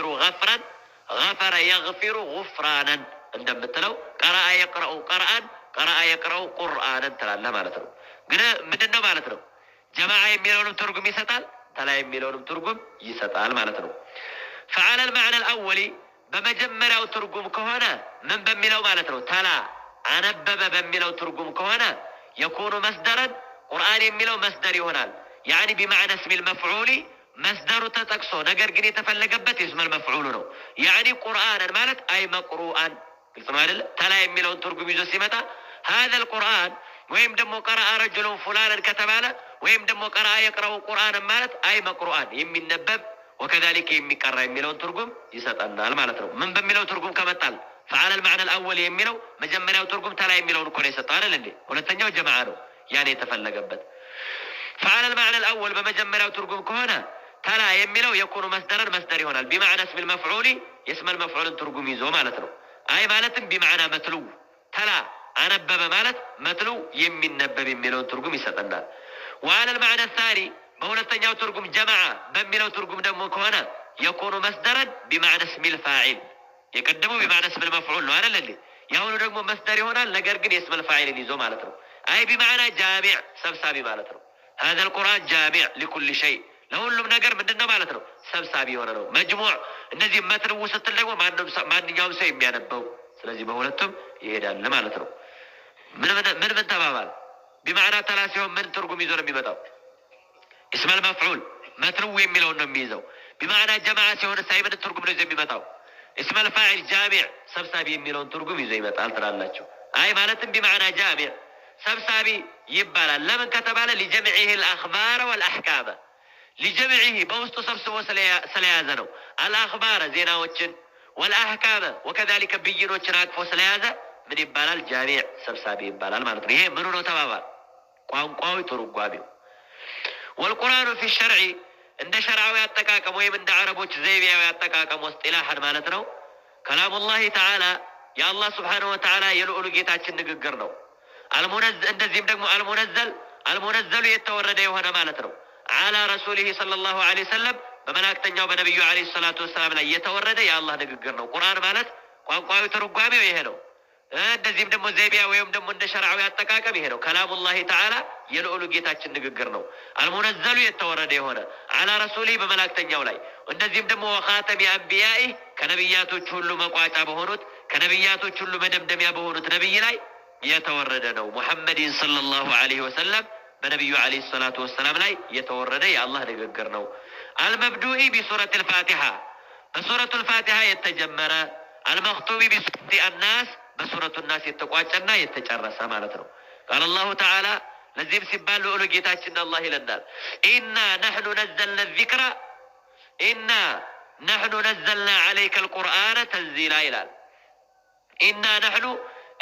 የግፊሩ ገፍረን ገፈረ የግፊሩ ጉፍራነን እንደምትለው ቀረአ የቅረኡ ቀርአን ቀረአ የቅረኡ ቁርአንን ትላለህ ማለት ነው። ግን ምንድን ነው ማለት ነው? ጀማዓ የሚለውንም ትርጉም ይሰጣል፣ ተላ የሚለውንም ትርጉም ይሰጣል ማለት ነው። ፈዓለል መዕነል አወሊ በመጀመሪያው ትርጉም ከሆነ ምን በሚለው ማለት ነው? ተላ አነበበ በሚለው ትርጉም ከሆነ የኮኑ መስደረን ቁርአን የሚለው መስደር ይሆናል። ያዕኒ ቢመዕነ ስሚል መፍዑሊ መስደሩ ተጠቅሶ ነገር ግን የተፈለገበት የስመል መፍዑሉ ነው። ያዕኒ ቁርአንን ማለት አይ መቅሩአን ግልጽ ነው አይደለ? ተላይ የሚለውን ትርጉም ይዞ ሲመጣ ሀዘ ልቁርአን ወይም ደግሞ ቀረአ ረጅሉን ፉላንን ከተባለ ወይም ደግሞ ቀረአ የቅረው ቁርአንን ማለት አይ መቅሩአን የሚነበብ ወከዛሊከ የሚቀራ የሚለውን ትርጉም ይሰጠናል ማለት ነው። ምን በሚለው ትርጉም ከመጣል ፈዓለ ልማዕና ልአወል የሚለው መጀመሪያው ትርጉም ተላይ የሚለውን እኮ ነው የሰጠው አይደል እንዴ? ሁለተኛው ጀማዓ ነው ያኔ የተፈለገበት ፈዓለ ልማዕና ልአወል በመጀመሪያው ትርጉም ከሆነ ተላ የሚለው የኮኑ መስደረን መስደር ይሆናል። ቢማዕና ስሚል መፍዑሊ የስመል መፍዑልን ትርጉም ይዞ ማለት ነው። አይ ማለትም ቢማዕና መትልው ተላ አነበበ ማለት መትልው የሚነበብ የሚለውን ትርጉም ይሰጠናል። ወአለል ማዕና ሳኒ በሁለተኛው ትርጉም ጀመዓ በሚለው ትርጉም ደግሞ ከሆነ የኮኑ መስደረን ቢማዕና ስሚል ፋዒል የቀደሙ ቢማዕና ስሚል መፍዑል ነው አይደለ? የአሁኑ ደግሞ መስደር ይሆናል። ነገር ግን የስመል ፋዒልን ይዞ ማለት ነው። አይ ቢማዕና ጃሚዕ ሰብሳቢ ማለት ነው። ሀዘ ልቁርአን ጃሚዕ ሊኩል ሸይ ለሁሉም ነገር ምንድን ነው ማለት ነው? ሰብሳቢ የሆነ ነው። መጅሙዕ እነዚህ መትንው ስትል ደግሞ ማንኛውም ሰው የሚያነበው ስለዚህ በሁለቱም ይሄዳል ማለት ነው። ምን ምን ተባባል? ቢማዕና ተላ ሲሆን ምን ትርጉም ይዞ ነው የሚመጣው? እስመል መፍዑል መትንው የሚለውን ነው የሚይዘው። ቢማዕና ጀማዓ ሲሆን ሳይ ምን ትርጉም ነው ይዞ የሚመጣው? እስመል ፋዒል ጃሚዕ ሰብሳቢ የሚለውን ትርጉም ይዞ ይመጣል ትላላችሁ። አይ ማለትም ቢማዕና ጃሚዕ ሰብሳቢ ይባላል። ለምን ከተባለ ሊጀምዒህ ልአክባረ ወልአሕካመ ሊጀምዒሂ በውስጡ ሰብስቦ ስለያዘ ነው። አልአኽባረ ዜናዎችን፣ ወልአህካመ ወከዛሊከ ብይኖችን አቅፎ ስለያዘ ምን ይባላል? ጃሚዕ ሰብሳቢ ይባላል ማለት ነው። ይሄ ምኑ ነው ተባባል? ቋንቋዊ ትርጓሜው። ወልቁርአኑ ፊ ሸርዒ እንደ ሸርዓዊ አጠቃቀም ወይም እንደ አረቦች ዘይቤያዊ አጠቃቀም ውስጥ ኢላህን ማለት ነው። ከላሙላሂ ተዓላ የአላህ ስብሓነሁ ወተዓላ የልዑሉ ጌታችን ንግግር ነው። እንደዚህም ደግሞ አልሙነዘል አልሙነዘሉ የተወረደ የሆነ ማለት ነው። አላ ረሱሊህ ሰለላሁ ዐለይሂ ወሰለም በመላእክተኛው በነቢዩ ዐለይሂ ሰላቱ ወሰላም ላይ የተወረደ የአላህ ንግግር ነው። ቁርአን ማለት ቋንቋዊ ትርጓሜው ይሄ ነው። እንደዚህም ደግሞ ዘይቢያ ወይም ደግሞ እንደ ሸርዓዊ አጠቃቀም ይሄ ነው። ከላሙላሂ ተዓላ የልዑሉ ጌታችን ንግግር ነው። አልሙነዘሉ የተወረደ የሆነ አላ ረሱሊህ በመላእክተኛው ላይ እንደዚህም ደግሞ ወኻተሚ አንቢያኢ ከነቢያቶች ሁሉ መቋጫ በሆኑት ከነቢያቶች ሁሉ መደምደሚያ በሆኑት ነቢይ ላይ የተወረደ ነው። ሙሐመድን ሰለላሁ ዐለይሂ ወሰለም በነቢዩ ዓለይሂ ሰላቱ ወሰላም ላይ የተወረደ የአላህ ንግግር ነው። አልመብዱኢ ቢሱረት ልፋቲሓ በሱረቱ ልፋቲሓ የተጀመረ አልመክቱቢ ቢሱረት አናስ በሱረቱ ናስ የተቋጨና የተጨረሰ ማለት ነው። ቃል አላሁ ተዓላ ለዚህም ሲባል ልዑሉ ጌታችን አላህ ይለናል፣ ኢና ነሕኑ ነዘልና ዚክራ ኢና ነሕኑ ነዘልና ዓለይከ ልቁርአነ ተንዚላ ይላል። ኢና ነሕኑ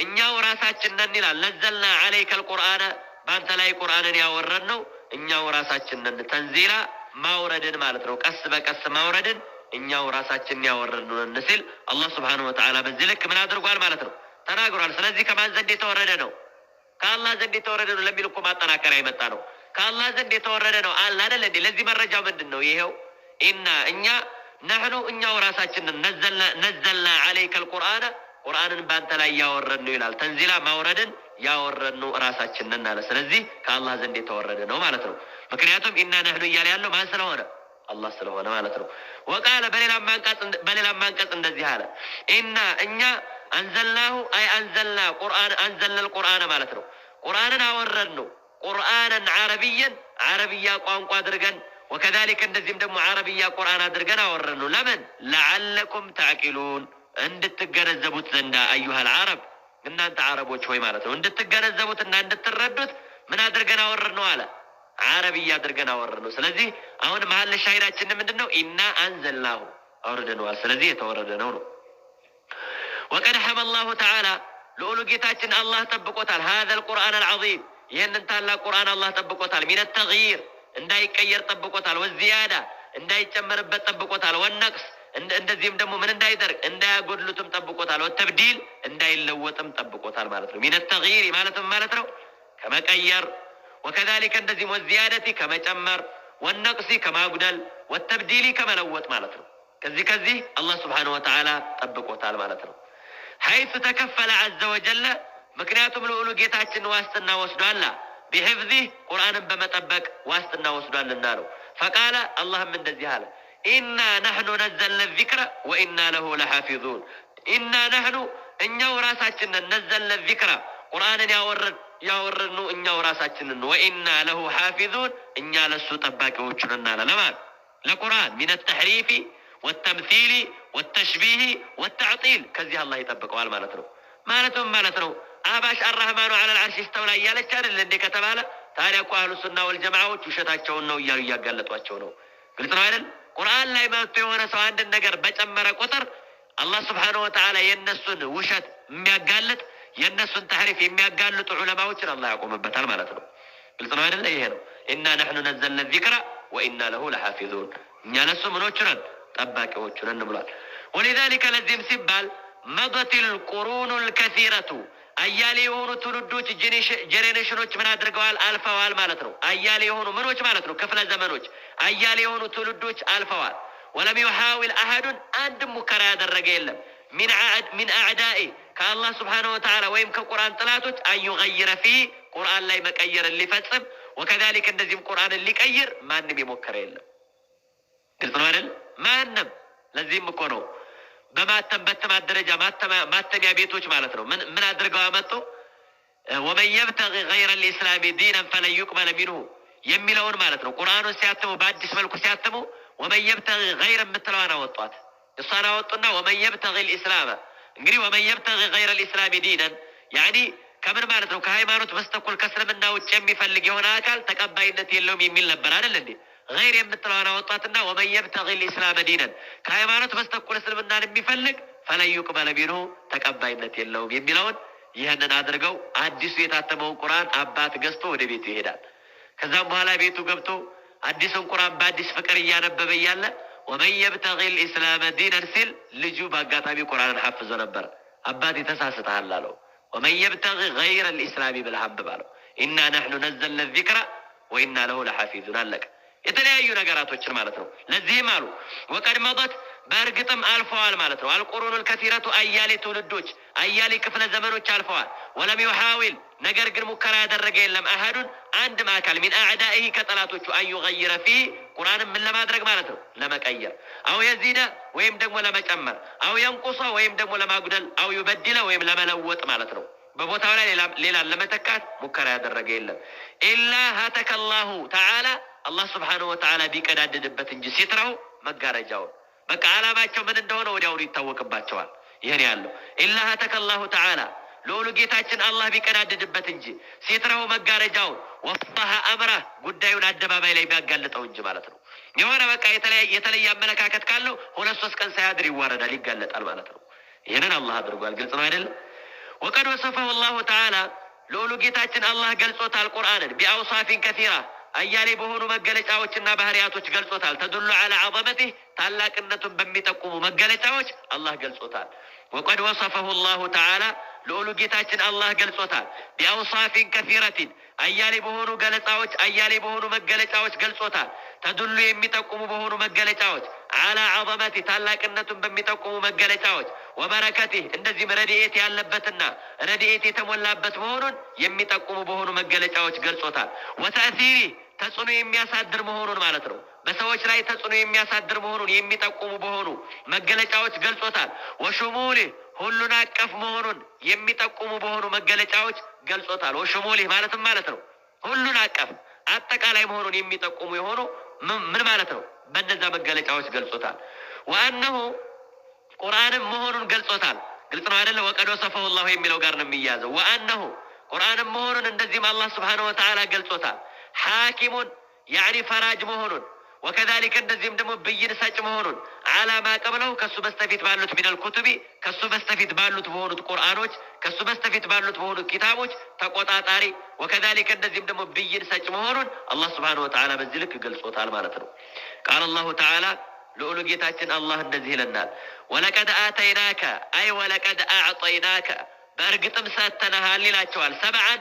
እኛው ራሳችን ነን ይላል ነዘልና ዓለይከ ልቁርአነ በአንተ ላይ ቁርአንን ያወረድ ነው እኛው ራሳችን ነን። ተንዚላ ማውረድን ማለት ነው። ቀስ በቀስ ማውረድን እኛው ራሳችን ያወረድ ነን ሲል አላህ ስብሓነሁ ወተዓላ በዚህ ልክ ምን አድርጓል ማለት ነው ተናግሯል። ስለዚህ ከማን ዘንድ የተወረደ ነው? ከአላህ ዘንድ የተወረደ ነው ለሚል እኮ ማጠናከሪያ የመጣ ነው። ከአላህ ዘንድ የተወረደ ነው አለ አደለ እንዴ? ለዚህ መረጃው ምንድን ነው? ይኸው ኢና እኛ ነህኑ እኛው ራሳችንን ነዘልና አለይከ አልቁርአነ ቁርአንን በአንተ ላይ ያወረድ ነው ይላል። ተንዚላ ማውረድን ያወረድ ነው እራሳችንን አለ። ስለዚህ ከአላህ ዘንድ የተወረደ ነው ማለት ነው። ምክንያቱም ኢና ነህኑ እያለ ያለው ማን ስለሆነ አላህ ስለሆነ ማለት ነው። ወቃለ በሌላ ማንቀጽ እንደዚህ አለ ኢና እኛ አንዘልናሁ አይ አንዘልና ቁርአን አንዘልነል ቁርአን ማለት ነው። ቁርአንን አወረድ ነው ቁርአንን ዓረብየን ዓረብያ ቋንቋ አድርገን ወከዛሊከ እንደዚህም ደግሞ ዓረብያ ቁርአን አድርገን አወረድ ነው። ለምን ለዓለኩም ተዕቂሉን እንድትገነዘቡት ዘንዳ አዩሃል አረብ እናንተ አረቦች ሆይ ማለት ነው እንድትገነዘቡት እና እንድትረዱት ምን አድርገን አወረድ ነው አለ አረብያ አድርገን አወረድ ነው። ስለዚህ አሁን መሀል ሻይራችን ምንድን ነው? ኢና አንዘልናሁ አውርደነዋል። ስለዚህ የተወረደ ነው ነው ወቀድ ሐመ አላሁ ተዓላ ልዑሉ ጌታችን አላህ ጠብቆታል። ሀዘ ልቁርአን አልዓዚም ይህንን ታላቅ ቁርአን አላህ ጠብቆታል። ሚነ ተግይር እንዳይቀየር ጠብቆታል። ወዚያዳ እንዳይጨመርበት ጠብቆታል። ወነቅስ እንደዚህም ደግሞ ምን እንዳይደርግ እንዳያጎድሉትም ጠብቆታል። ወተብዲል እንዳይለወጥም ጠብቆታል ማለት ነው። ሚን ተግይር ማለትም ማለት ነው ከመቀየር ወከዛሊከ እንደዚህም ወዚያደቲ ከመጨመር ወነቅሲ ከማጉደል ወተብዲሊ ከመለወጥ ማለት ነው። ከዚህ ከዚህ አላህ ስብሓነሁ ወተዓላ ጠብቆታል ማለት ነው። ሐይቱ ተከፈለ ዐዘ ወጀለ ምክንያቱም ልዑሉ ጌታችን ዋስትና ወስዷላ ቢሕፍዚህ ቁርአንን በመጠበቅ ዋስትና ወስዷልና ነው። ፈቃለ አላህም እንደዚህ አለ ኢና ነህኑ ነዘልነ ዚክረ ወኢና ለሁ ለሓፊዙን ኢና ናህኑ እኛው ራሳችንን ነን ነዘልነ ዚክረ ቁርአንን ያወረድነው እኛው ራሳችንን ወኢና ለሁ ሓፊዙን እኛ ለሱ ጠባቂዎቹ ነን አለ ለማለት ለቁርአን ሚን ተሕሪፊ ወተምሲሊ ወተሽቢሂ ወተዕጢል ከዚህ አላህ ይጠብቀዋል ማለት ነው። ማለትም ማለት ነው አባሽ አራህማኑ አለል አርሽ ስተውላ እያለች አይደል እንዴ ከተባለ ታዲያ እኮ አህሉ ሱና ወልጀማዓዎች ውሸታቸውን ነው እያሉ እያጋለጧቸው ነው። ግልጽ ነው አይደል? ቁርአን ላይ መጥቶ የሆነ ሰው አንድን ነገር በጨመረ ቁጥር አላህ ስብሓነሁ ወተዓላ የእነሱን ውሸት የሚያጋልጥ የእነሱን ታሕሪፍ የሚያጋልጡ ዑለማዎችን አላህ ያቆምበታል ማለት ነው። ግልጽ ነው አይደለ? ይሄ ነው ኢና ነሕኑ ነዘልነ ዚክራ ወኢና ለሁ ለሓፊዙን፣ እኛ ለሱ ምኖቹ ነን ጠባቂዎቹ ነን ብሏል። ወሊዛሊከ ለዚህም ሲባል መደት ልቁሩኑ ልከሲረቱ አያሌ የሆኑ ትውልዶች ጄኔሬሽኖች ምን አድርገዋል? አልፈዋል ማለት ነው። አያሌ የሆኑ ምኖች ማለት ነው፣ ክፍለ ዘመኖች አያሌ የሆኑ ትውልዶች አልፈዋል። ወለም ዩሓዊል አሃዱን አንድም ሙከራ ያደረገ የለም ሚን አዕዳኢ ከአላህ ስብሓነሁ ወተዓላ ወይም ከቁርአን ጥላቶች አንዩቀይረ ፊ ቁርአን ላይ መቀየርን ሊፈጽም ወከዛሊክ እንደዚህም ቁርአንን ሊቀይር ማንም የሞከረ የለም። ግልጽ ነው አይደል? ማንም ለዚህም እኮ ነው በማተም በትማት ደረጃ ማተሚያ ቤቶች ማለት ነው። ምን አድርገው አመጡ ወመን የብተቂ ገይረ ልእስላሚ ዲነን ፈለን ዩቅበለ ሚንሁ የሚለውን ማለት ነው። ቁርአኑን ሲያትሙ በአዲስ መልኩ ሲያትሙ ወመን የብተቂ ገይረ የምትለዋን አወጧት። እሷን አወጡና ወመን የብተቂ ልእስላመ እንግዲህ ወመን የብተቂ ገይረ ልእስላሚ ዲነን ያኒ ከምን ማለት ነው? ከሃይማኖት በስተኩል ከእስልምና ውጭ የሚፈልግ የሆነ አካል ተቀባይነት የለውም የሚል ነበር አይደል እንዴ? ይር የምትለዋን አወጧትና ወመየብተቂ ልኢስላመ ዲነን ከሃይማኖት በስተኩል እስልምናን የሚፈልግ ፈለዩቅበለ ሚንሁ ተቀባይነት የለውም የሚለውን ይህንን አድርገው አዲሱ የታተመውን ቁርአን አባት ገዝቶ ወደ ቤቱ ይሄዳል። ከዛም በኋላ ቤቱ ገብቶ አዲሱን ቁርአን በአዲስ ፍቅር እያነበበ እያለ ወመን የብተቂ ልኢስላመ ዲነን ሲል ልጁ በአጋጣሚ ቁርአንን ሐፍዞ ነበር። አባት የተሳስተሃል አለው። ወመን የብተቂ ገይረ ልኢስላሚ ብለህ አንብብ አለው። ኢና ነሕኑ ነዘልነ ዚክራ ወኢና ለሁ ለሐፊዙን አለቀ። የተለያዩ ነገራቶችን ማለት ነው። ለዚህም አሉ ወቀድ መጠት በእርግጥም አልፈዋል ማለት ነው። አልቁሩኑል ከሲረቱ አያሌ ትውልዶች አያሌ ክፍለ ዘመኖች አልፈዋል። ወለም ዩሓዊል ነገር ግን ሙከራ ያደረገ የለም አህዱን አንድም አካል ሚን አዕዳኢህ ከጠላቶቹ አዩቀይረ ፊ ቁርአንም ምን ለማድረግ ማለት ነው ለመቀየር፣ አው የዚደ ወይም ደግሞ ለመጨመር፣ አው የንቁሶ ወይም ደግሞ ለማጉደል፣ አው ዩበድለ ወይም ለመለወጥ ማለት ነው። በቦታው ላይ ሌላን ለመተካት ሙከራ ያደረገ የለም ኢላ ሀተከ ላሁ ተዓላ አላህ ስብሓነ ወተዓላ ቢቀዳድድበት እንጂ ሲትራው መጋረጃውን በቃ አላማቸው ምን እንደሆነ ወዲያውኑ ይታወቅባቸዋል። ይህን ያለው ኢላሃተከ አላሁ ተዓላ ለሆኑ ጌታችን አላህ ቢቀዳድድበት እንጂ ሲትራው መጋረጃውን ወፋሃ አምራ ጉዳዩን አደባባይ ላይ ቢያጋልጠው እንጂ ማለት ነው። የሆነ በቃ የተለየ አመለካከት ካለው ሁለት ሶስት ቀን ሳያድር ይዋረዳል፣ ይጋለጣል ማለት ነው። ይህንን አላህ አድርጓል። ግልጽ ነው አይደለም? ወቀድ ወሰፈሁ አላሁ ተዓላ ለሆኑ ጌታችን አላህ ገልጾታል ቁርአንን ቢአውሳፊን ከሲራ አያሌ በሆኑ መገለጫዎችና ባህሪያቶች ገልጾታል። ተዱሉ አላ ዐዘመቲህ ታላቅነቱን በሚጠቁሙ መገለጫዎች አላህ ገልጾታል። ወቀድ ወሰፈሁ ላሁ ተዓላ ልዑሉ ጌታችን አላህ ገልጾታል። ቢአውሳፊን ከፊረቲን አያሌ በሆኑ ገለጻዎች አያሌ በሆኑ መገለጫዎች ገልጾታል። ተዱሉ የሚጠቁሙ በሆኑ መገለጫዎች አላ ዐዘመቲህ ታላቅነቱን በሚጠቁሙ መገለጫዎች ወበረከቴ እንደዚህም ረድኤት ያለበትና ረድኤት የተሞላበት መሆኑን የሚጠቁሙ በሆኑ መገለጫዎች ገልጾታል። ወተእሲሪ ተጽዕኖ የሚያሳድር መሆኑን ማለት ነው። በሰዎች ላይ ተጽዕኖ የሚያሳድር መሆኑን የሚጠቁሙ በሆኑ መገለጫዎች ገልጾታል። ወሽሙሌ ሁሉን አቀፍ መሆኑን የሚጠቁሙ በሆኑ መገለጫዎች ገልጾታል። ወሽሙሌ ማለትም ማለት ነው ሁሉን አቀፍ አጠቃላይ መሆኑን የሚጠቁሙ የሆኑ ምን ማለት ነው? በእነዛ መገለጫዎች ገልጾታል። ዋናው ቁርአንም መሆኑን ገልጾታል። ግልጽ ነው አይደለ? ወቀዶ ሰፈው የሚለው ጋር ነው የሚያዘው። ወአነሁ ቁርአንም መሆኑን እንደዚህም አላህ ስብሓነሁ ወተዓላ ገልጾታል። ሓኪሙን ያዕኒ ፈራጅ መሆኑን ወከዛሊከ እንደዚህም ደግሞ ብይን ሰጭ መሆኑን አላማ ቀብለው ከሱ በስተፊት ባሉት ሚነል ኩቱቢ ከሱ በስተፊት ባሉት በሆኑት ቁርአኖች ከሱ በስተፊት ባሉት በሆኑት ኪታቦች ተቆጣጣሪ ወከዛሊከ እንደዚህም ደግሞ ብይን ሰጭ መሆኑን አላህ ስብሓነሁ ወተዓላ በዚህ ልክ ገልጾታል ማለት ነው። ቃል አላሁ ተዓላ ልዑሉ ጌታችን አላህ እንደዚህ ይለናል፣ ወለቀድ አተይናከ አይ ወለቀድ አዕጠይናከ በእርግጥም ሰተነሃል ይላቸዋል። ሰብዓን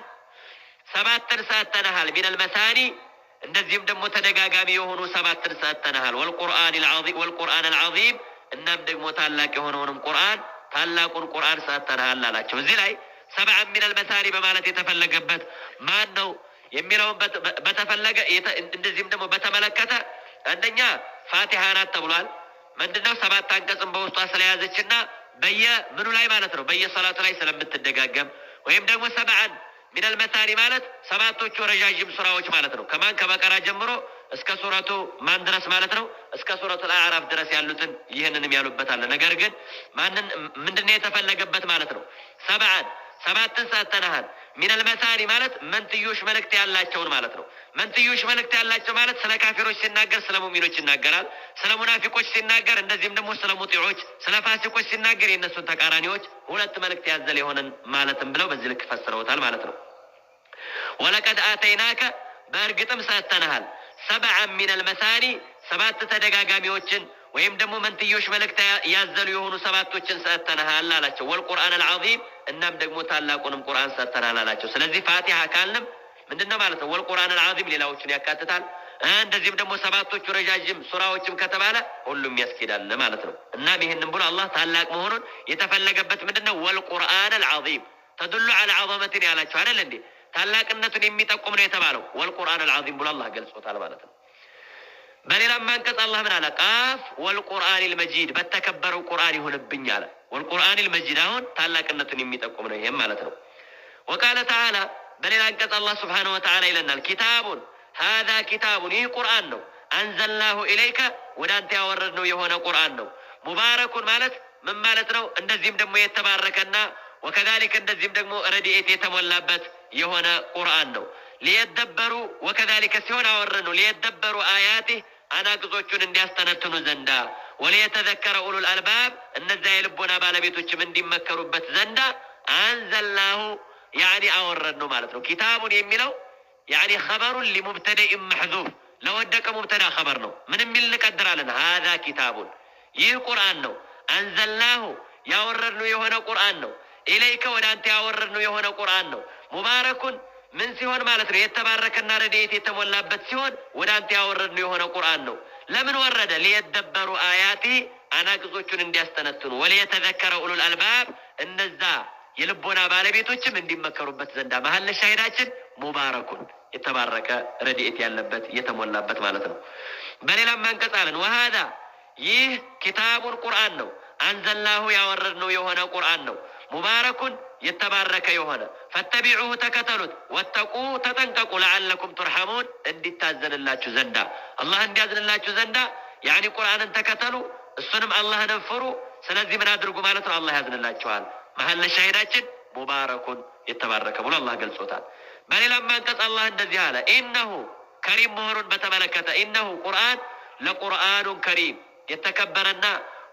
ሰባትን ሰጥተናሃል፣ ሚነል መሳኒ እንደዚህም ደግሞ ተደጋጋሚ የሆኑ ሰባትን ሰጥተናሃል። ወልቁርአን አልዓዚም እናም ደግሞ ታላቅ የሆነውንም ቁርአን ታላቁን ቁርአን ሰጥተናሃል አላቸው። እዚህ ላይ ሰብዓን ሚነል መሳኒ በማለት የተፈለገበት ማን ነው የሚለውን በተፈለገ እንደዚህም ደግሞ በተመለከተ አንደኛ ፋቲሃ ናት ተብሏል። ምንድነው ሰባት አንቀጽን በውስጧ ስለያዘችና በየምኑ ላይ ማለት ነው በየሰላቱ ላይ ስለምትደጋገም ወይም ደግሞ ሰብዐን ሚነል መታኒ ማለት ሰባቶቹ ረዣዥም ሱራዎች ማለት ነው። ከማን ከበቀራ ጀምሮ እስከ ሱረቱ ማን ድረስ ማለት ነው እስከ ሱረቱ አዕራፍ ድረስ ያሉትን ይህንንም ያሉበታል። ነገር ግን ማንን ምንድነው የተፈለገበት ማለት ነው ሰብዐን ሰባትን ሰጥተናሃል ሚነል መታኒ ማለት መንትዮሽ መልእክት ያላቸውን ማለት ነው። መንትዮሽ መልእክት ያላቸው ማለት ስለ ካፊሮች ሲናገር ስለ ሙሚኖች ይናገራል። ስለ ሙናፊቆች ሲናገር፣ እንደዚህም ደግሞ ስለ ሙጢዖች፣ ስለ ፋሲቆች ሲናገር የእነሱን ተቃራኒዎች ሁለት መልእክት ያዘል የሆነን ማለትም ብለው በዚህ ልክ ፈስረውታል ማለት ነው። ወለቀድ አተይናከ በእርግጥም ሰጥተንሃል ሰብዐን ሚነል መታኒ ሰባት ተደጋጋሚዎችን ወይም ደግሞ መንትዮች መልእክት ያዘሉ የሆኑ ሰባቶችን ሰጥተንሃል አላቸው። ወልቁርአን አልዓዚም እናም ደግሞ ታላቁንም ቁርአን ሰጥተናል አላቸው። ስለዚህ ፋቲሃ ካልንም ምንድነው ማለት ነው? ወልቁርአን አልዓዚም ሌላዎችን ያካትታል። እንደዚህም ደግሞ ሰባቶቹ ረዣዥም ሱራዎችም ከተባለ ሁሉም ያስኬዳል ማለት ነው። እናም ይህንም ብሎ አላህ ታላቅ መሆኑን የተፈለገበት ምንድነው? ወልቁርአን አልዓዚም ተዱሉ አላ ዐዘመትን ያላቸው አይደል እንዴ? ታላቅነቱን የሚጠቁም ነው የተባለው። ወልቁርአን አልዓዚም ብሎ አላህ ገልጾታል ማለት ነው። በሌላም አንቀጽ አላህ ምን አለ? ቃፍ ወልቁርአኒል መጂድ በተከበረው ቁርአን ይሆንብኝ አለ። ወልቁርአኒል መጂድ አሁን ታላቅነቱን የሚጠቁም ነው። ይሄም ማለት ነው። ወቃለ ተዓላ በሌላ አንቀጽ አላህ ስብሓነሁ ወተዓላ ይለናል፣ ኪታቡን ሃዛ ኪታቡን፣ ይህ ቁርአን ነው። አንዘልናሁ ኢለይከ ወደ አንተ ያወረድነው የሆነ ቁርአን ነው። ሙባረኩን ማለት ምን ማለት ነው? እንደዚህም ደግሞ የተባረከና ወከዛሊክ እንደዚህም ደግሞ ረድኤት የተሞላበት የሆነ ቁርአን ነው። ሊየደበሩ ወከዛሊከ ሲሆን አወረድነው ሊየደበሩ አያቲህ አናቅጾቹን እንዲያስተነትኑ ዘንዳ ወለየተዘከረ ኡሉል አልባብ እነዚያ የልቦና ባለቤቶችም እንዲመከሩበት ዘንዳ አንዘልናሁ ያኒ አወረድ ነው ማለት ነው። ኪታቡን የሚለው ያኒ ኸበሩን ሊሙብተደኢን መሕዙፍ ለወደቀ ሙብተዳ ኸበር ነው። ምን የሚል እንቀድራለን? ሃዛ ኪታቡን ይህ ቁርአን ነው። አንዘልናሁ ያወረድነው የሆነ ቁርአን ነው። ኢለይከ ወደ አንተ ያወረድነው የሆነ ቁርአን ነው። ሙባረኩን ምን ሲሆን ማለት ነው? የተባረከና ረድኤት የተሞላበት ሲሆን ወደ አንተ ያወረድነው የሆነ ቁርአን ነው። ለምን ወረደ? ሊየደበሩ አያቴ አናቅጾቹን እንዲያስተነትኑ ወሊየተዘከረ ኡሉል አልባብ እነዛ የልቦና ባለቤቶችም እንዲመከሩበት ዘንዳ። መሀል ሻሂዳችን ሙባረኩን የተባረከ ረድኤት ያለበት የተሞላበት ማለት ነው። በሌላም አንቀጽ አለን ወሃዳ ይህ ኪታቡን ቁርአን ነው። አንዘላሁ ያወረድነው የሆነ ቁርአን ነው። ሙባረኩን የተባረከ የሆነ ፈተቢዑ ተከተሉት፣ ወተቁ ተጠንቀቁ፣ ለዓለኩም ቱርሐሙን እንዲታዘንላችሁ ዘንዳ አላህ እንዲያዝንላችሁ ዘንዳ ያኒ ቁርአንን ተከተሉ፣ እሱንም አላህን ፍሩ። ስለዚህ ምን አድርጉ ማለት ነው? አላህ ያዝንላችኋል። መሀል ሻሂዳችን ሙባረኩን የተባረከ ብሎ አላህ ገልጾታል። በሌላም አንቀጽ አላህ እንደዚህ አለ፣ ኢነሁ ከሪም መሆኑን በተመለከተ ኢነሁ ቁርአን ለቁርአኑን ከሪም የተከበረና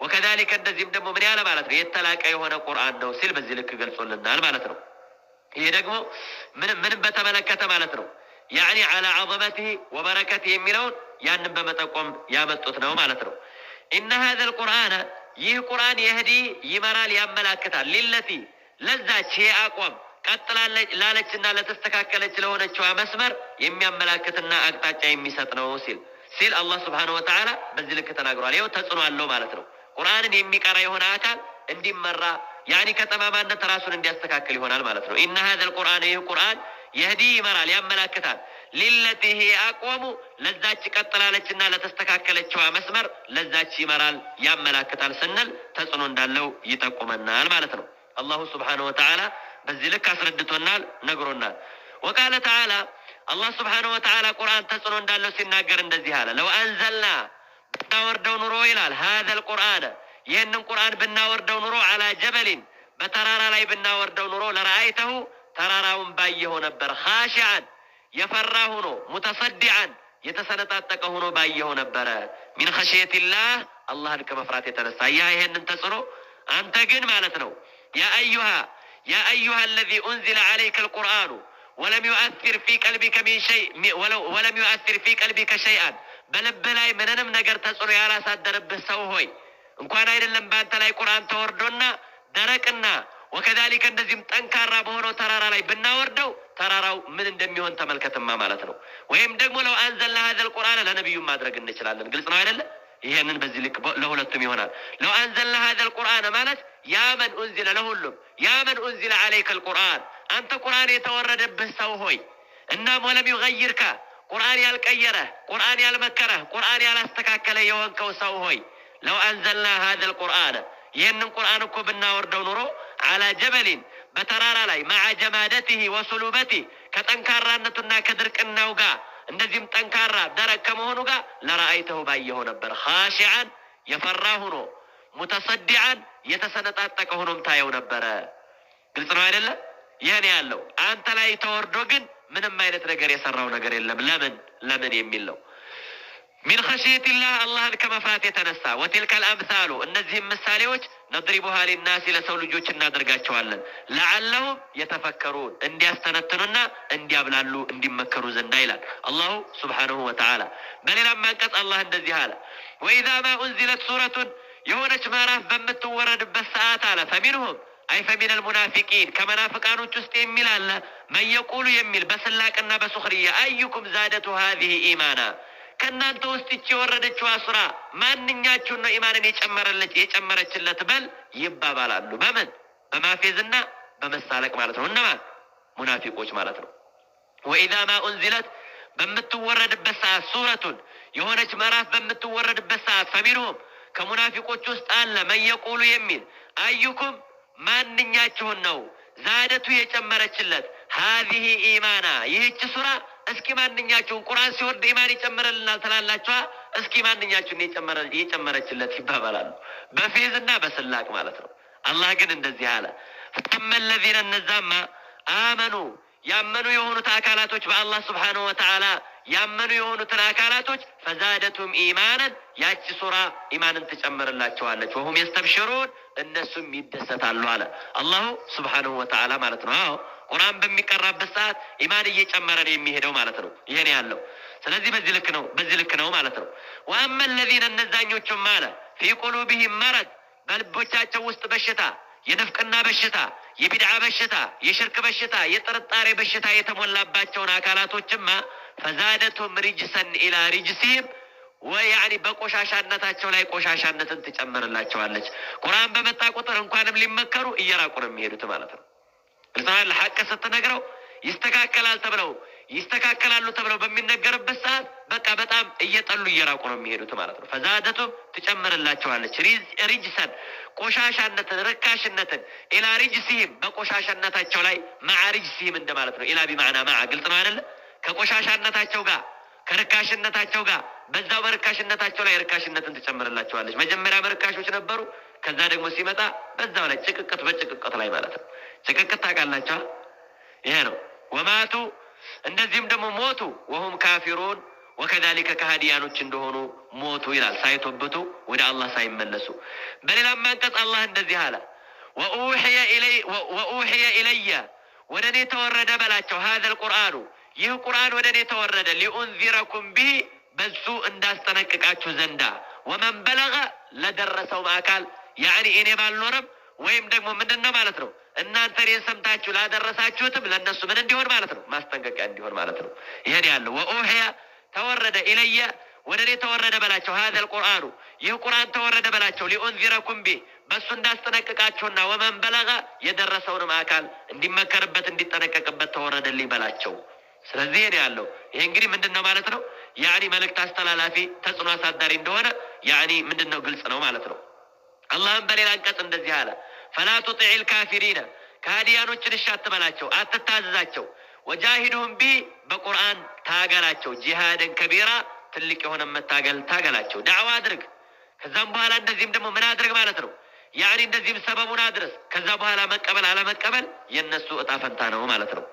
ወከዛሊከ እንደዚህም ደግሞ ምን ያለ ማለት ነው የተላቀ የሆነ ቁርአን ነው ሲል በዚህ ልክ ገልጾልናል ማለት ነው። ይህ ደግሞ ምንም በተመለከተ ማለት ነው ያኒ አላ ዐዘመቲህ ወበረከት የሚለውን ያንን በመጠቆም ያመጡት ነው ማለት ነው። ኢነ ሀዘል ቁርአነ ይህ ቁርአን የህዲ ይመራል፣ ያመላክታል ሊለቲ ለዛች አቋም ቀጥላለች ላለችና ለተስተካከለች ለሆነችዋ መስመር የሚያመላክትና አቅጣጫ የሚሰጥ ነው ሲል ሲል አላህ ስብሓነሁ ወተዓላ በዚህ ልክ ተናግሯል። ይኸው ተጽዕኖ አለው ማለት ነው። ቁርአንን የሚቀራ የሆነ አካል እንዲመራ ያኒ ከጠማማነት ራሱን እንዲያስተካክል ይሆናል ማለት ነው። ኢነ ሀዘል ቁርአን ይህ ቁርአን የህዲ ይመራል፣ ያመላክታል ሊለት ይሄ አቆሙ ለዛች ቀጥላለችና ለተስተካከለችዋ መስመር ለዛች ይመራል ያመላክታል ስንል ተጽዕኖ እንዳለው ይጠቁመናል ማለት ነው። አላሁ ስብሓነሁ ወተዓላ በዚህ ልክ አስረድቶናል፣ ነግሮናል። ወቃለ ተዓላ አላህ ስብሓነሁ ወተዓላ ቁርአን ተጽዕኖ እንዳለው ሲናገር እንደዚህ አለ ለው አንዘልና ብናወርደው ኑሮ ይላል ሀዘል ቁርአነ ይህንን ቁርአን ብናወርደው ኑሮ አላ ጀበሊን በተራራ ላይ ብናወርደው ኑሮ ለረአይተሁ ተራራውን ባየሆ ነበር። ኻሺዐን የፈራ ሁኖ ሙተሰዲዐን የተሰነጣጠቀ ሁኖ ባየሆ ነበረ። ሚን ኸሽየቲላህ አላህን ከመፍራት የተነሳ ያ ይሄንን ተጽዕኖ አንተ ግን ማለት ነው ያ አዩሃ ያ አዩሃ አለዚ ኡንዚለ ዓለይከ አልቁርአኑ ወለም ዩአሲር ፊ ቀልቢከ ሸይአን በልብ ላይ ምንንም ነገር ተጽዕኖ ያላሳደረብህ ሰው ሆይ እንኳን አይደለም በአንተ ላይ ቁርአን ተወርዶና ደረቅና ወከዛሊከ እንደዚህም ጠንካራ በሆነው ተራራ ላይ ብናወርደው ተራራው ምን እንደሚሆን ተመልከትማ ማለት ነው። ወይም ደግሞ ለው አንዘልና ሀዘል ቁርአን ለነቢዩም ማድረግ እንችላለን። ግልጽ ነው አይደለም ይሄንን በዚህ ልክ ለሁለቱም ይሆናል። ለው አንዘልና ሀዘል ቁርአን ማለት ያ መን ኡንዚለ ለሁሉም ያ መን ኡንዚለ አለይከ ልቁርአን አንተ ቁርአን የተወረደብህ ሰው ሆይ እናም ወለም ዩገይርከ ቁርአን ያልቀየረ ቁርአን ያልመከረ ቁርአን ያላስተካከለ የሆንከው ሰው ሆይ ለው አንዘልና ሀዘል ቁርአን ይህንን ቁርአን እኮ ብናወርደው ኑሮ አላ ጀበሊን በተራራ ላይ መዓ ጀማደትህ ወሱሉበትህ ከጠንካራነቱና ከድርቅናው ጋር እንደዚህም ጠንካራ ደረቅ ከመሆኑ ጋር ለረአይተው ባየኸው ነበር። ኻሺዓን የፈራ ሆኖ ሙተሰዲዓን የተሰነጣጠቀ ሆኖም ታየው ነበረ። ግልጽ ነው አይደለም? ይህን ያለው አንተ ላይ ተወርዶ ግን ምንም አይነት ነገር የሰራው ነገር የለም። ለምን ለምን የሚል ነው። ሚን ኸሽየቲላህ አላህን ከመፍራት የተነሳ ወቴልከል አምሳሉ እነዚህም ምሳሌዎች ነድሪቡሃ ሊናሲ ለሰው ልጆች እናደርጋቸዋለን። ለዓለሁም የተፈከሩን እንዲያስተነትኑና እንዲያብላሉ እንዲመከሩ ዘንዳ ይላል አላሁ ስብሓነሁ ወተዓላ። በሌላም አንቀጽ አላህ እንደዚህ አለ፣ ወኢዛ ማ ኡንዚለት ሱረቱን የሆነች ምዕራፍ በምትወረድበት ሰዓት አለ ፈሚንሁም አይፈ ሚነል ሙናፊቂን ከመናፍቃኖች ውስጥ የሚል አለ መየቁሉ የሚል በስላቅና በሱክርያ አዩኩም ዛደቱ ሀዚህ ኢማና ከእናንተ ውስጥ ይቺ የወረደችው አስራ ማንኛችሁን ነው ኢማንን የጨመረለች የጨመረችለት በል ይባባላሉ። በምን በማፌዝና በመሳለቅ ማለት ነው። እነማ ሙናፊቆች ማለት ነው። ወኢዛ ማ ኡንዚለት በምትወረድበት ሰዓት ሱረቱን የሆነች ምዕራፍ በምትወረድበት ሰዓት ፈሚንሁም ከሙናፊቆች ውስጥ አለ መየቁሉ የሚል አዩኩም ማንኛችሁን ነው ዛደቱ የጨመረችለት ሀዚህ ኢማና ይህች ሱራ እስኪ ማንኛችሁን ቁርአን ሲወርድ ኢማን ይጨምረልናል ትላላችኋ? እስኪ ማንኛችሁን የጨመረችለት ይባባላሉ። በፌዝ እና በስላቅ ማለት ነው። አላህ ግን እንደዚህ አለ፣ ፈተመ ለዚነ እነዛማ አመኑ ያመኑ የሆኑት አካላቶች በአላህ ስብሓነሁ ወተዓላ ያመኑ የሆኑትን አካላቶች ፈዛደቱም ኢማንን ያቺ ሱራ ኢማንን ትጨምርላቸዋለች። ወሁም የስተብሽሩን እነሱም ይደሰታሉ አለ አላሁ ስብሓንሁ ወተዓላ ማለት ነው። አዎ ቁርአን በሚቀራበት ሰዓት ኢማን እየጨመረ ነው የሚሄደው ማለት ነው። ይሄን ያለው ስለዚህ በዚህ ልክ ነው በዚህ ልክ ነው ማለት ነው። ወአመ ለዚነ እነዛኞቹም አለ ፊ ቁሉብህም መረድ በልቦቻቸው ውስጥ በሽታ የንፍቅና በሽታ የቢድዓ በሽታ የሽርክ በሽታ የጥርጣሬ በሽታ የተሞላባቸውን አካላቶችማ ፈዛደቱም ሪጅሰን ኢላ ሪጅሲም ወይ ያኒ በቆሻሻነታቸው ላይ ቆሻሻነትን ትጨምርላቸዋለች። ቁርአን በመጣ ቁጥር እንኳንም ሊመከሩ እየራቁ ነው የሚሄዱት ማለት ነው። ልሳን ሐቅ ስትነግረው ይስተካከላል ተብለው ይስተካከላሉ ተብለው በሚነገርበት ሰዓት በቃ በጣም እየጠሉ እየራቁ ነው የሚሄዱት ማለት ነው። ፈዛደቱ ትጨምርላቸዋለች ሪጅሰን ቆሻሻነትን፣ ርካሽነትን ኢላ ሪጅሲህም በቆሻሻነታቸው ላይ ማዓ ሪጅሲህም እንደማለት ነው። ኢላ ቢማዕና ማዕ ግልጽ ነው አይደለም? ከቆሻሻነታቸው ጋር ከርካሽነታቸው ጋር በዛው በርካሽነታቸው ላይ ርካሽነትን ትጨምርላቸዋለች። መጀመሪያ በርካሾች ነበሩ። ከዛ ደግሞ ሲመጣ በዛው ላይ ጭቅቅት በጭቅቅት ላይ ማለት ነው። ጭቅቅት ታውቃላቸዋ። ይሄ ነው ወማቱ። እንደዚህም ደግሞ ሞቱ። ወሁም ካፊሩን ወከዛሊከ ከሃዲያኖች እንደሆኑ ሞቱ ይላል። ሳይቶብቱ ወደ አላህ ሳይመለሱ። በሌላም አንቀጽ አላህ እንደዚህ አለ ወኡሕየ ኢለየ ወደ እኔ ተወረደ በላቸው ሀዘል ቁርአኑ ይህ ቁርአን ወደ እኔ ተወረደ ሊኡንዚረኩም ቢ በሱ እንዳስጠነቅቃችሁ ዘንዳ ወመን በለቀ ለደረሰውም አካል ያዕኒ እኔ ባልኖርም ወይም ደግሞ ምንድን ነው ማለት ነው እናንተ እኔን ሰምታችሁ ላደረሳችሁትም ለእነሱ ምን እንዲሆን ማለት ነው ማስጠንቀቂያ እንዲሆን ማለት ነው። ይህን ያለ ወኦሕያ ተወረደ ኢለየ ወደ እኔ ተወረደ በላቸው ሀዘ ልቁርአኑ ይህ ቁርአን ተወረደ በላቸው ሊኡንዚረኩም ቢ በእሱ እንዳስጠነቅቃችሁና ወመን በለቀ የደረሰውንም አካል እንዲመከርበት እንዲጠነቀቅበት ተወረደልኝ በላቸው። ስለዚህ ይሄን ያለው ይሄ እንግዲህ ምንድን ነው ማለት ነው። ያኒ መልእክት አስተላላፊ ተጽዕኖ አሳዳሪ እንደሆነ ያኒ ምንድን ነው ግልጽ ነው ማለት ነው። አላህም በሌላ አንቀጽ እንደዚህ አለ፣ ፈላ ቱጢዕ ልካፊሪነ ከሃዲያኖችን እሺ አትበላቸው፣ አትታዘዛቸው። ወጃሂዱሁም ቢ በቁርአን ታገላቸው፣ ጂሃድን ከቢራ ትልቅ የሆነ መታገል ታገላቸው፣ ዳዕዋ አድርግ። ከዛም በኋላ እንደዚህም ደግሞ ምን አድርግ ማለት ነው ያኒ እንደዚህም ሰበቡን አድረስ። ከዛ በኋላ መቀበል አለመቀበል የእነሱ እጣ ፈንታ ነው ማለት ነው።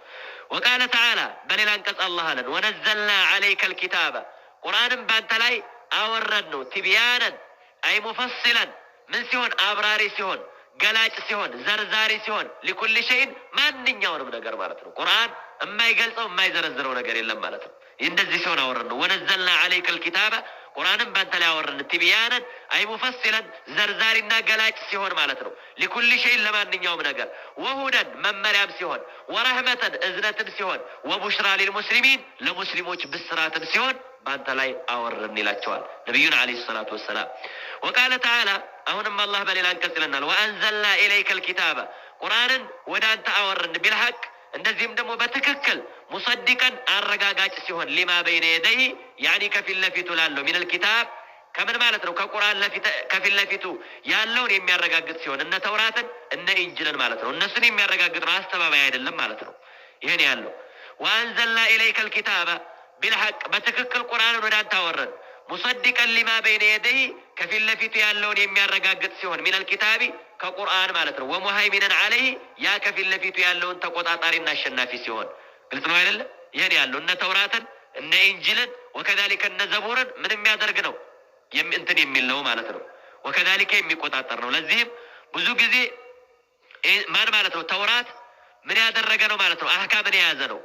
ወቃለ ተዓላ በሌላ አንቀጽ አላህ አለን ወነዘልና ዓለይከ ልኪታበ ቁርአንም በአንተ ላይ አወረድ ነው ቲቢያነን አይ ሙፈሲለን ምን ሲሆን አብራሪ ሲሆን ገላጭ ሲሆን ዘርዛሪ ሲሆን ሊኩል ሸይን ማንኛውንም ነገር ማለት ነው። ቁርአን የማይገልጸው የማይዘረዝረው ነገር የለም ማለት ነው። እንደዚህ ሲሆን አወረድ ነው ወነዘልና ዓለይከ ልኪታበ ቁርአንም በአንተ ላይ አወረድ ቲቢያነን አይሙፈሲለን ዘርዛሪና ገላጭ ሲሆን ማለት ነው። ሊኩል ሸይን ለማንኛውም ነገር ወሁደን መመሪያም ሲሆን ወረህመተን እዝነትም ሲሆን ወቡሽራ ሊልሙስሊሚን ለሙስሊሞች ብስራትም ሲሆን በአንተ ላይ አወረን ይላቸዋል ነቢዩን ዓለይሂ ሰላቱ ወሰላም። ወቃለ ተዓላ አሁንም አላህ በሌላ አንቀጽ ይለናል ወአንዘልና ኢለይከ ልኪታበ ቁርአንን ወደ አንተ አወረን ቢልሐቅ እንደዚህም ደግሞ በትክክል ሙሰዲቀን አረጋጋጭ ሲሆን ሊማ በይነ የደይ ያኒ ከፊት ለፊቱ ላለው ሚነል ኪታብ ከምን ማለት ነው? ከቁርአን ከፊት ለፊቱ ያለውን የሚያረጋግጥ ሲሆን እነ ተውራትን እነ ኢንጅልን ማለት ነው። እነሱን የሚያረጋግጥ ነው፣ አስተባባይ አይደለም ማለት ነው። ይህን ያለው ወአንዘልና ኢለይከል ኪታበ ቢልሐቅ በትክክል ቁርአንን ወደ አንተ አወረድን። ሙሰዲቀን ሊማ በይነ የደይ ከፊት ለፊቱ ያለውን የሚያረጋግጥ ሲሆን ሚነል ኪታቢ ከቁርአን ማለት ነው። ወሙሃይሚነን አለይ ያ ከፊት ለፊቱ ያለውን ተቆጣጣሪና አሸናፊ ሲሆን ግልጽ ነው አይደለም? ይህን ያለው እነ ተውራትን እነ ኢንጅልን ወከዛሊከ እነ ዘቡርን ምን የሚያደርግ ነው እንትን የሚል ነው ማለት ነው። ወከዛሊከ የሚቆጣጠር ነው። ለዚህም ብዙ ጊዜ ማን ማለት ነው ተውራት ምን ያደረገ ነው ማለት ነው አህካምን የያዘ ነው።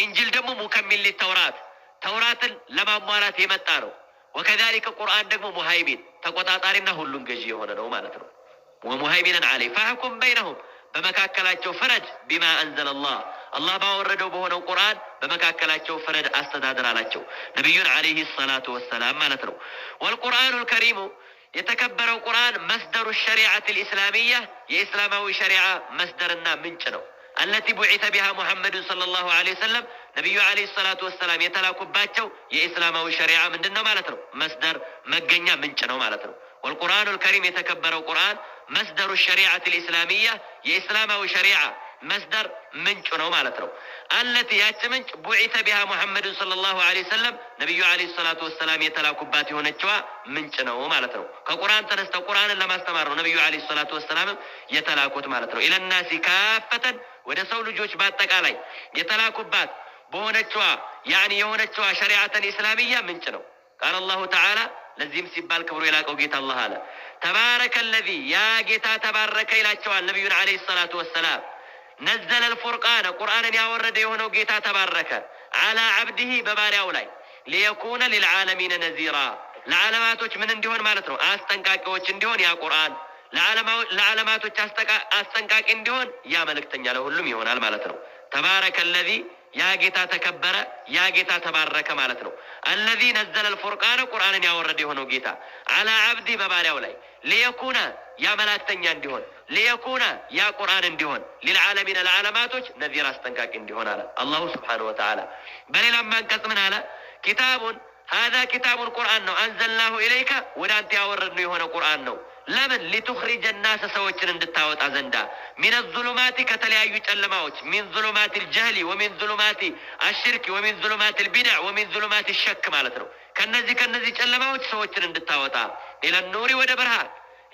ኢንጅል ደግሞ ሙከሚል ተውራት ተውራትን ለማሟላት የመጣ ነው። ወከዛሊከ ቁርአን ደግሞ ሙሃይሚን ተቆጣጣሪና ሁሉን ገዢ የሆነ ነው ማለት ነው። ወሙሃይሚንን አለይ ፈሕኩም በይነሁም በመካከላቸው ፍረድ ቢማ አንዘለ አላህ ባወረደው በሆነው ቁርአን በመካከላቸው ፍረድ አስተዳደር አላቸው። ነቢዩን ዓለይሂ ሰላቱ ወሰላም ማለት ነው። ወልቁርአኑል ከሪሙ የተከበረው ቁርአን መስደሩ ሸሪዓት ልእስላሚያ የኢስላማዊ ሸሪዓ መስደርና ምንጭ ነው። አለቲ ቡዒተ ቢሃ ሙሐመዱን ሰለላሁ ዓለይሂ ወሰለም ነቢዩ ዓለይሂ ሰላቱ ወሰላም የተላኩባቸው የኢስላማዊ ሸሪዓ ምንድን ነው ማለት ነው? መስደር መገኛ ምንጭ ነው ማለት ነው። ወልቁርአኑል ከሪም የተከበረው ቁርአን መስደሩ ሸሪዓት ልእስላሚያ የእስላማዊ ሸሪዓ መስደር ምንጭ ነው ማለት ነው። አለት ያች ምንጭ ቡዒተ ቢሃ ሙሐመድን ሰለላሁ ዐለይሂ ወሰለም ነቢዩ ዐለይሂ ሰላቱ ወሰላም የተላኩባት የሆነችዋ ምንጭ ነው ማለት ነው። ከቁርአን ተነስተ ቁርአንን ለማስተማር ነው ነቢዩ ዐለይሂ ሰላቱ ወሰላምም የተላኩት ማለት ነው። ኢለናሲ ካፈተን ወደ ሰው ልጆች በአጠቃላይ የተላኩባት በሆነችዋ ያኒ የሆነችዋ ሸሪዓተን ኢስላሚያ ምንጭ ነው። ቃል አላሁ ተዓላ ለዚህም ሲባል ክብሩ የላቀው ጌታ አላህ አለ ተባረከ ለዚ ያ ጌታ ተባረከ ይላቸዋል ነቢዩን ዐለይሂ ሰላቱ ወሰላም ነዘለል ፉርቃነ ቁርአንን ያወረደ የሆነው ጌታ ተባረከ። አላ አብድህ በባሪያው ላይ ሊየኩነ ልልዓለሚነ ነዚራ ለዓለማቶች ምን እንዲሆን ማለት ነው? አስጠንቃቂዎች እንዲሆን ያ ቁርአን ለዓለማቶች አስጠንቃቂ እንዲሆን ያ መልእክተኛ ለሁሉም ይሆናል ማለት ነው። ተባረከ ለዚ ያ ጌታ ተከበረ፣ ያ ጌታ ተባረከ ማለት ነው። አለዚ ነዘለ ልፉርቃነ ቁርአንን ያወረደ የሆነው ጌታ አላ አብዲ በባሪያው ላይ ሊየኩነ ያ መላእክተኛ እንዲሆን ሊየኩነ ያ ቁርአን እንዲሆን ሊልዓለሚነ ለዓለማቶች ነዚር አስጠንቃቂ እንዲሆን አለ አላሁ ስብሓነሁ ወተዓላ። በሌላም አንቀጽ ምን አለ? ኪታቡን ሀዛ ኪታቡን ቁርአን ነው አንዘልናሁ ኢለይከ ወደ አንተ ያወረድነው የሆነ ቁርአን ነው። ለምን ሊቱኽሪጀ ናሰ ሰዎችን እንድታወጣ ዘንዳ ሚን ዙሉማቲ ከተለያዩ ጨለማዎች ሚን ዙሉማቲ ልጀህሊ ወሚን ዙሉማቲ አሽርኪ ወሚን ዙሉማቲ ልቢድዕ ወሚን ዙሉማቲ ሸክ ማለት ነው ከነዚህ ከነዚህ ጨለማዎች ሰዎችን እንድታወጣ ኢላ ኑሪ ወደ ብርሃን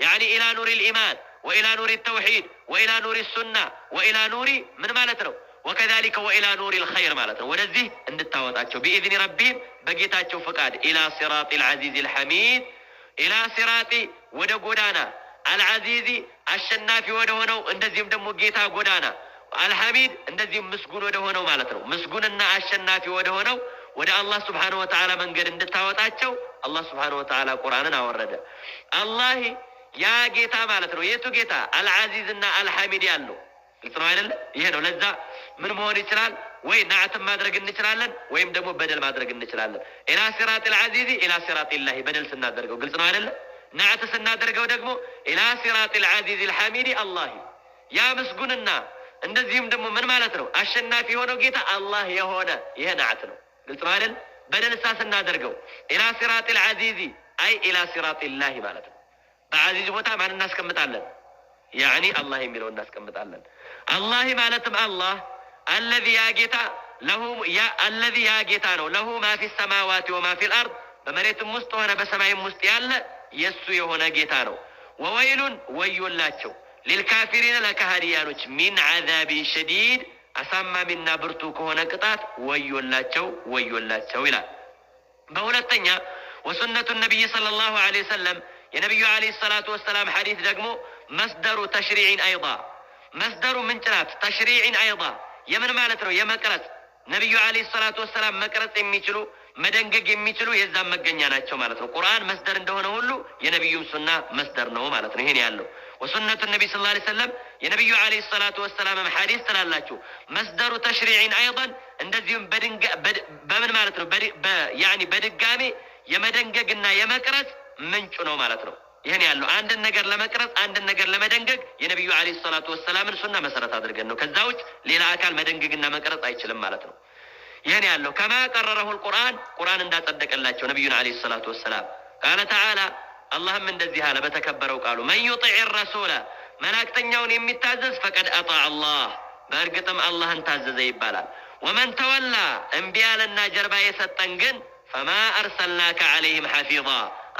ያኒ ኢላ ኑሪ ልኢማን ወኢላ ኑሪ ተውሒድ ወኢላ ኑሪ ሱና ወኢላ ኑሪ ምን ማለት ነው? ወከዛሊከ ወኢላ ኑሪ ልኸይር ማለት ነው። ወደዚህ እንድታወጣቸው ቢኢዝኒ ረቢህም በጌታቸው ፈቃድ ኢላ ሲራጢ ልዓዚዝ ልሐሚድ ኢላ ሲራጢ ወደ ጎዳና አልዓዚዚ አሸናፊ ወደ ሆነው እንደዚህም ደግሞ ጌታ ጎዳና አልሐሚድ እንደዚህም ምስጉን ወደ ሆነው ማለት ነው ምስጉንና አሸናፊ ወደ ሆነው ወደ አላህ ስብሓን ወተዓላ መንገድ እንድታወጣቸው አላህ ስብሓን ወተዓላ ቁርአንን አወረደ። አላህ ያ ጌታ ማለት ነው። የቱ ጌታ? አልዓዚዝ እና አልሐሚድ ያለው ግልጽ ነው አይደለ? ይሄ ነው። ለዛ ምን መሆን ይችላል? ወይ ናዕትን ማድረግ እንችላለን፣ ወይም ደግሞ በደል ማድረግ እንችላለን። ኢላ ሲራጥ ልዓዚዚ ኢላ ሲራጥ ላሂ በደል ስናደርገው ግልጽ ነው አይደለ? ናዕት ስናደርገው ደግሞ ኢላ ሲራጥ ልዓዚዚ ልሐሚዲ አላህ ያ ምስጉንና እንደዚሁም ደግሞ ምን ማለት ነው? አሸናፊ የሆነው ጌታ አላህ የሆነ ይሄ ናዕት ነው። ግልጽ ነው በደንሳ ስናደርገው ኢላ ሲራጢ ልዓዚዚ አይ ኢላ ሲራጢ ላሂ ማለት ነው። በዓዚዝ ቦታ ማን እናስቀምጣለን? ያዕኒ አላህ የሚለው እናስቀምጣለን። አላህ ማለትም አላህ አለዚ ያ ጌታ አለዚ ያ ጌታ ነው። ለሁ ማ ሰማዋት ወማ ልአርድ በመሬትም ውስጥ ሆነ በሰማይም ውስጥ ያለ የእሱ የሆነ ጌታ ነው። ወወይሉን ወዮላቸው ሊልካፊሪን ለካሃዲያኖች ሚን ዓዛቢን ሸዲድ አሳማሚና ብርቱ ከሆነ ቅጣት ወዮላቸው ወዮላቸው ይላል። በሁለተኛ ወሱነቱ ነቢይ ሰለላሁ ዐለይሂ ወሰለም የነቢዩ ዐለይሂ ሰላቱ ወሰላም ሐዲስ ደግሞ መስደሩ ተሽሪዒን አይዳ መስደሩ ምንጭ ተሽሪዒን ተሽሪዕን አይዳ የምን ማለት ነው? የመቅረጽ ነቢዩ ዐለይሂ ሰላቱ ወሰላም መቅረጽ የሚችሉ መደንገግ የሚችሉ የዛም መገኛ ናቸው ማለት ነው። ቁርአን መስደር እንደሆነ ሁሉ የነቢዩም ሱና መስደር ነው ማለት ነው። ይሄን ያለው ወሱነቱ ነቢይ ስለ ላ ሰለም የነቢዩ ዓለይሂ ሰላቱ ወሰላም ሐዲስ ስላላችሁ መስደሩ ተሽሪዒን አይን እንደዚሁም በምን ማለት ነው? ያኒ በድጋሜ የመደንገግና የመቅረጽ ምንጩ ነው ማለት ነው። ይህን ያለው አንድን ነገር ለመቅረጽ አንድን ነገር ለመደንገግ የነቢዩ ዓለይሂ ሰላቱ ወሰላምን ሱና መሰረት አድርገን ነው። ከዛ ውጭ ሌላ አካል መደንገግና መቅረጽ አይችልም ማለት ነው። ይህን ያለው ከማ ቀረረሁ ልቁርአን ቁርአን እንዳጸደቀላቸው ነቢዩን ዓለይሂ ሰላቱ ወሰላም ቃለ ተዓላ አላህም እንደዚህ አለ በተከበረው ቃሉ መን ዩጢዕ ረሱላ መላእክተኛውን የሚታዘዝ ፈቀድ አጣ አላህ በእርግጥም አላህን ታዘዘ ይባላል። ወመን ተወላ እምቢ ያለና ጀርባ የሰጠን ግን ፈማ አርሰልናከ ዐለይህም ሐፊዛ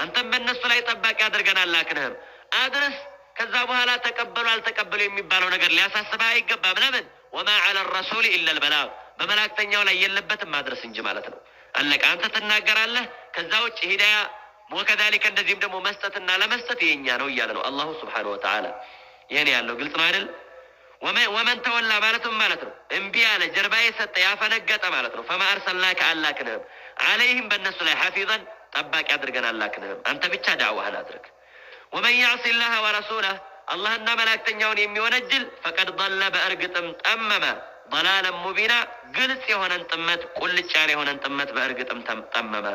አንተም በእነሱ ላይ ጠባቂ አድርገን አላክንህም። አድርስ ከዛ በኋላ ተቀበሉ አልተቀበሉ የሚባለው ነገር ሊያሳስበህ አይገባም። ለምን ወማ ዐለ ረሱል ኢላ ልበላግ በመላእክተኛው ላይ የለበትም ማድረስ እንጂ ማለት ነው። አለቀ። አንተ ትናገራለህ። ከዛ ውጭ ሂዳያ ወከዛሊከ እንደዚህም ደግሞ መስጠትና ለመስጠት የእኛ ነው እያለ ነው አላሁ ስብሓነሁ ወተዓላ ይህን ያለው ግልጽ ነው አይደል? ወመን ተወላ ማለትም ማለት ነው እምቢ አለ ጀርባ የሰጠ ያፈነገጠ ማለት ነው። ፈማ አርሰልናከ አላክንህም አለይህም በእነሱ ላይ ሐፊዘን ጠባቂ አድርገን አላክንህም። አንተ ብቻ ዳዋህን አድርግ። ወመን ያዕሲ ያዕሲላህ ወረሱላ አላህና መላእክተኛውን የሚወነጅል ፈቀድ ለ በእርግጥም ጠመመ ضላለን ሙቢና ግልጽ የሆነን ጥመት ቁልጫን የሆነን ጥመት በእርግጥም ጠመመ።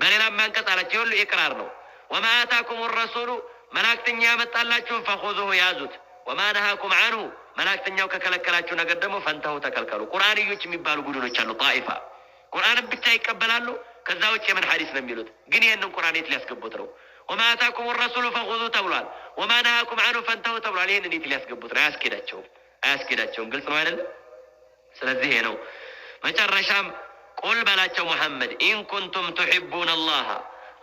በሌላም አንቀጽ አላቸው ሁሉ ይቅራር ነው። ወማ አታኩም ረሱሉ መላእክተኛ ያመጣላችሁን ፈኹዙሁ ያዙት። ወማ ነሃኩም አንሁ መላእክተኛው ከከለከላችሁ ነገር ደግሞ ፈንታሁ ተከልከሉ። ቁርአንዮች የሚባሉ ቡድኖች አሉ። ጣኢፋ ቁርአንን ብቻ ይቀበላሉ። ከዛ ውጭ የምን ሐዲስ ነው የሚሉት? ግን ይህንን ቁርአን የት ሊያስገቡት ነው? ወማ አታኩም ረሱሉ ፈኹዙ ተብሏል። ወማ ነሃኩም አንሁ ፈንተሁ ተብሏል። ይህንን የት ሊያስገቡት ነው? አያስኬዳቸውም፣ አያስኬዳቸውም። ግልጽ ነው አይደለም? ስለዚህ ይሄ ነው መጨረሻም ቁል በላቸው ሙሐመድ ኢንኩንቱም ቱሒቡን አላህ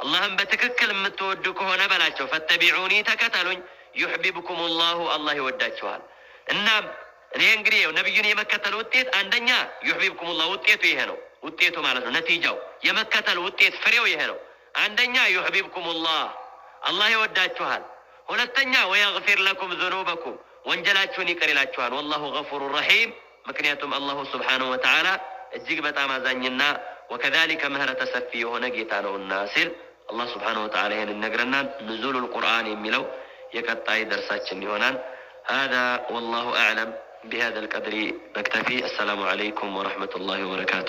አላህን በትክክል የምትወዱ ከሆነ በላቸው ፈተቢዑኒ ተከተሉኝ፣ ዩሕቢብኩም ላሁ አላህ ይወዳችኋል። እና እኔ እንግዲህ ነቢዩን የመከተል ውጤት አንደኛ ዩሕቢብኩም ላሁ ውጤቱ ይሄ ነው። ውጤቱ ማለት ነው ነቲጃው፣ የመከተል ውጤት ፍሬው ይሄ ነው። አንደኛ ዩሕቢብኩም ላህ አላህ ይወዳችኋል። ሁለተኛ ወየግፊር ለኩም ዝኑበኩም ወንጀላችሁን ይቅር ይላችኋል። ወላሁ ገፉሩ ረሒም። ምክንያቱም አላሁ ስብሓነሁ ወተዓላ እጅግ በጣም አዛኝና ወከዛሊከ ምህረተ ሰፊ የሆነ ጌታ ነውና ሲል አላህ ስብሓነሁ ወተዓላ ይህን ይነግረናል። ንዙሉል ቁርአን የሚለው የቀጣይ ደርሳችን ይሆናል። ሀዛ ወላሁ አዕለም። بهذا ቀድሪ نكتفي አሰላሙ ዓለይኩም ورحمة ወበረካቱ።